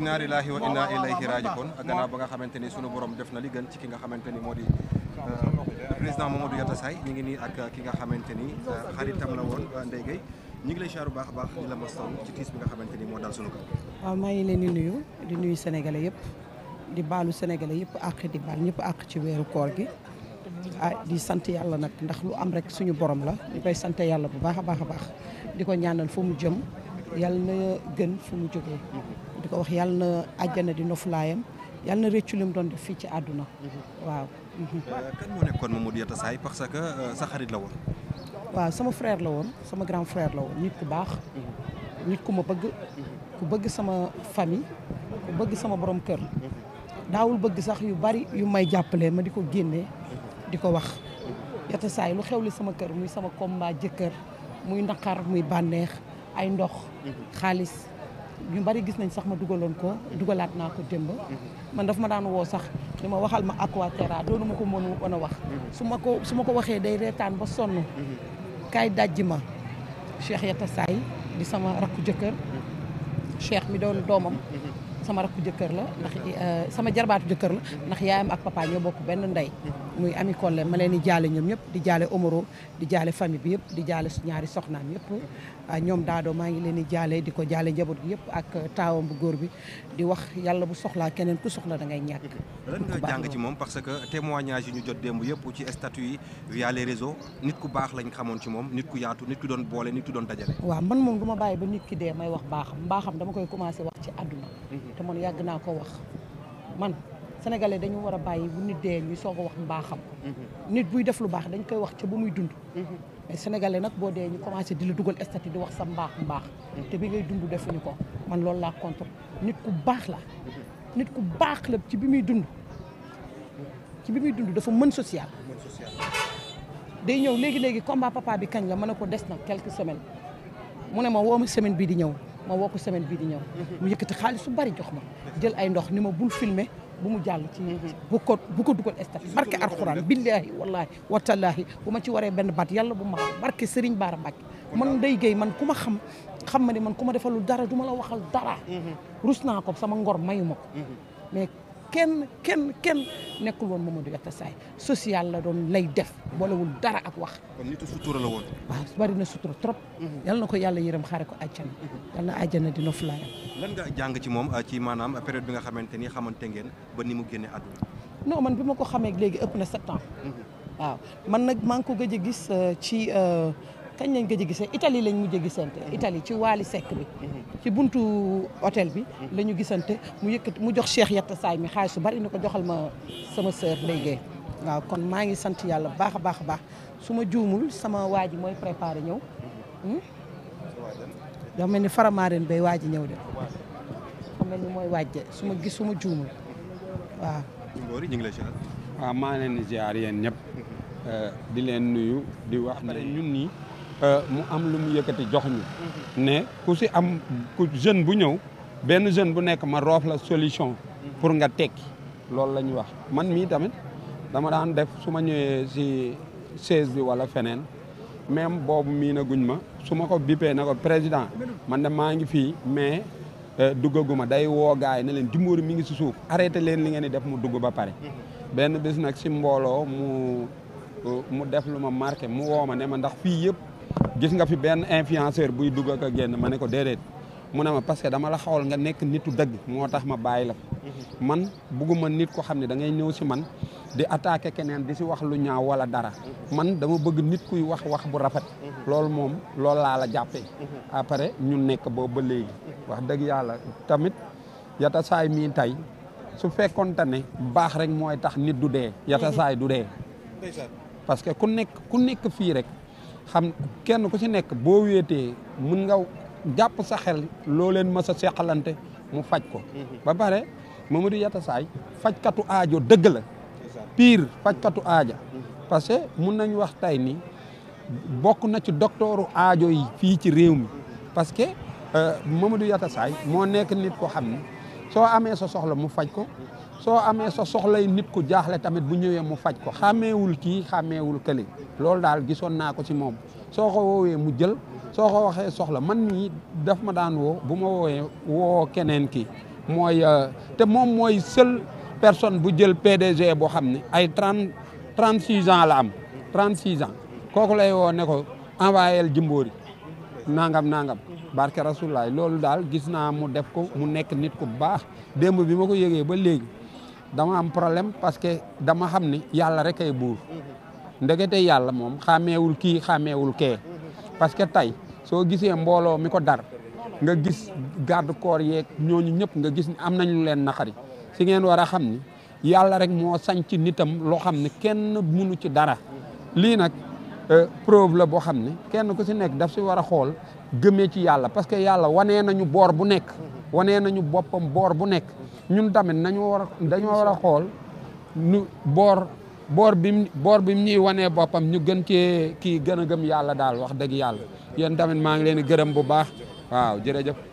inna lillahi wa inna ilayhi raji'un gannaaw ba nga xamanteni ni sunu borom def na li gën ci ki nga xamanteni modi eh, di président Mamadou Yatta Say ñi ngi ni ak ki nga xamanteni ni xaritam la woon ndey gay ñi ngi lay xaar bax bax a ma di ci tiis bi nga xamanteni mo dal sunu ko wa may leen di nuyu di nuyu sénégalais yépp di balu sénégalais yépp ak di bal ñëpp ak ci wéru koor gi ah, di sante yalla nak ndax lu am rek suñu borom la ñu koy sante yalla bu baaxa baaxa baax diko di ñaanal fu mu jëm yalla na gën fu mu jógee ko wax yàlla na àjjana di noflaayam yàlla na réccu li mu doon def fii ci àdduna mm-hmm. waaw. Mm-hmm. Euh, kan moo nekkoon Mamadou Yatta parce que euh, sa xarit waaw sama frère la woon sama grand frère la woon nit ku baax. Mm-hmm. nit ku ma bëgg. ku bëgg sama famille. ku bëgg sama borom kër. daawul bëgg sax yu bari yu may jàppale ma di ko génnee. di ko wax. Yatta Saay xew xewli sama kër muy sama combat jëkkër muy naqar muy bànneex ay ndox. xaalis. ñu bari gis nañ sax ma dugaloon ko dugalaat naa ko démb. man daf ma daan woo sax ni ma waxal ma Aquaterra doonu ma ko mën a wax. su ma ko su ma ko waxee day reetaan ba sonn. kaay dajji ma Cheikh Yatta Saay di sama rakku jëkkër. Cheikh mi doon doomam. sama rakku jëkkër la ndax eh, sama jarbaatu jëkkër la ndax yaayam ak papa ñoo bokk benn ndey muy ami Collé ma leen di jaale ñoom ñëpp di jaale Omoro di jaale famille bi yëpp di jaale ñaari soxnaam yëpp Ah, ñoom daado maa ngi leen di jaale di ko jaale njaboot gi yëpp ak euh, taawam bu góor bi di wax yàlla bu soxlaa keneen ku soxla da ngay ñàkk. nga jàng ci moom parce que témoignage yi ñu jot démb yëpp ci statut yi via les nit ku baax lañ xamoon ci moom nit ku yaatu nit ku doon boole nit ku doon dajale. waaw man moom du ma bàyyi ba nit ki dee may wax baaxam mbaaxam dama koy commencé wax ci àdduna. Mhm. te man yàgg naa ko wax man. sénégalais dañu war a bàyyi bu nit dee ñu soog a wax mbaaxam. Mhm. nit buy def lu baax dañ koy wax ca ba muy dund. Mhm. mais sénégalais nag boo dee ñu commencé di la dugal statut di wax sa mbaax mbaax. Mhm. te bi ngay dund def defuñu ko man loolu laa contre nit ku baax la. nit ku baax la ci bi muy dund. ci bi muy dund dafa mën social. day ñëw léegi léegi combat papa bi kañ la mën a ko des na quelques semaine mu ne ma woo ma semaine bii di ñëw ma woo ko semaine bii di ñëw. yëkkati xaalis su bari jox ma. jël ay ni ma bul filmer bu mu jàll ci mhm. bu ko bu ko dugal stade barke alxuraan billaahi wallaahi watallaahi bu ma ci waree benn baat yàlla bu ma barke Serigne Bara Mbacke man Ndeye Gueye man ku ma xam xam ma ne man ku ma defalul dara du ma la waxal dara mhm. rus naa ko sama ngor mayu ma ko mhm. mais kenn kenn kenn nekkul woon Mamadou Yatassay social la doon lay def boolewul dara ak wax. kon nitu sutura la woon. waaw bari na sutura trop. Mhm. yal na ko yàlla yërëm xaare ko àjjana. Mhm. yal ajjana àjjana dina fulaayam. lan nga jàng ci moom ci maanaam période bi nga xamante ni xamante ngeen ba ni mu génne àdduna. non man bi ma ko xamee léegi ëpp na sept mhm. waaw man nag maa ko gëj gis euh, ci. Euh, kañ lañ gëj a gisee Italie lañ mujj a mhm. Italie ci Waly Seck bi mhm. ci buntu hôtel bi mhm. la ñu gisante mu yëkkati mu jox Cheikh Yatta mi xaalis bari ni joxal ma sama sœur waaw kon maa ngi sant yàlla baax a baax baax sama waji ji mooy préparé ñëw hmm? dafa mel ni faramaaren bay waa ji ñëw de dafa mel ni mooy waajje su ma gis su ma juumul waaw Ngoori ñu lay ziar waaw leen di ziar yéen ñëpp euh, di leen nuyu di wax Euh, mu am lu mu yëkëti jox ñu ne ku ci am ku jeune bu ñëw ben jeune bu nekk ma roof la solution pour nga tekki loolu lañ wax man mi tamit dama daan def suma ñëwé ci si sesi wala fenen, même boobu mi na guñ ma suma ko bipé na ko président man de ma ngi fi mais euh, duggaguma day wo gaay ne leen mi ngi ci suuf arrêté leen li ngeen def mu dugg ba pare ben bis nak ci mbolo mu euh, mu def luma marqué mu woma ne ma ndax fi yépp gis nga fi ben influenceur buy dugg ak genn mané ne ko dédé mu ne ma parce que dama la xawal nga nek nitu deug motax ma bàyyi la mhm. man buguma nit ko xamni ne da ngay ñew ci man di attaquer kenen di si wax lu ñaaw wala dara mhm. man dama bëgg nit kuy wax wax bu rafet mhm. lool mom lool la la jappé après ñu nek bo ba légui wax deug yalla tamit yata say mi tay su fekkonte ne bax rek moy tax nit du dee yata say du dé parce que ku nek ku nek fi rek xam kenn ku ci nekk boo wéetee mun nga jàpp sa xel loo leen mës a seqalante mu faj ko. Mhm. ba pare Mamadou Yatassay fajkatu aajo dëgg la. pire fajkatu aaja. Mhm. parce que mun nañ wax tey ni bokk na ci doktooru aajo yi fii ci réew mi parce que euh, Mamadou Yatassay moo nekk nit ko xam ne soo amee sa soxla mu faj ko. Mhm. soo amee sa soxlay nit ko jaaxle tamit bu ñëwee mu faj ko xàmmeewul kii xàmmeewul kële loolu daal gisoon naa ko ci moom soo ko woowee mu jël soo ko waxee soxla man mii daf ma daan woo bu ma woowee woo keneen kii mooy euh, te moom mooy seul personne bu jël PDG boo xam ne ay trente trente six ans la am trent six ans kooku lay woo ne ko envoyé Jimbori nangam nangam barke rasulaay loolu daal gis naa mu def ko mu nekk nit ku baax démb bi ma ko yëgee ba léegi dama am problème parce que dama xamni yalla rek ay bour ndegete yalla mom xàmmeewul ki xàmmeewul So parce que tay so mbolo mi ko dar nga gis garde corps yek ñoñu ñep nga gis am nañu len naxari si ngeen wara xamni yalla rek mo sañ ci nitam lo xamni kenn mënu ci dara nak euh preuve la bo xamni kenn ku ci nek daf ci wara xol xool ci yalla parce que yalla wané nañu bor bu nek wané nañu bopam bor bu nek ñun tamit nañu war a dañoo war a xool nu boor boor bim boor bim ñuy wanee boppam ñu gën cee kii gën a gëm yàlla daal wax dëgg yàlla yéen tamit maa ngi leen di gërëm bu baax waaw jërëjëf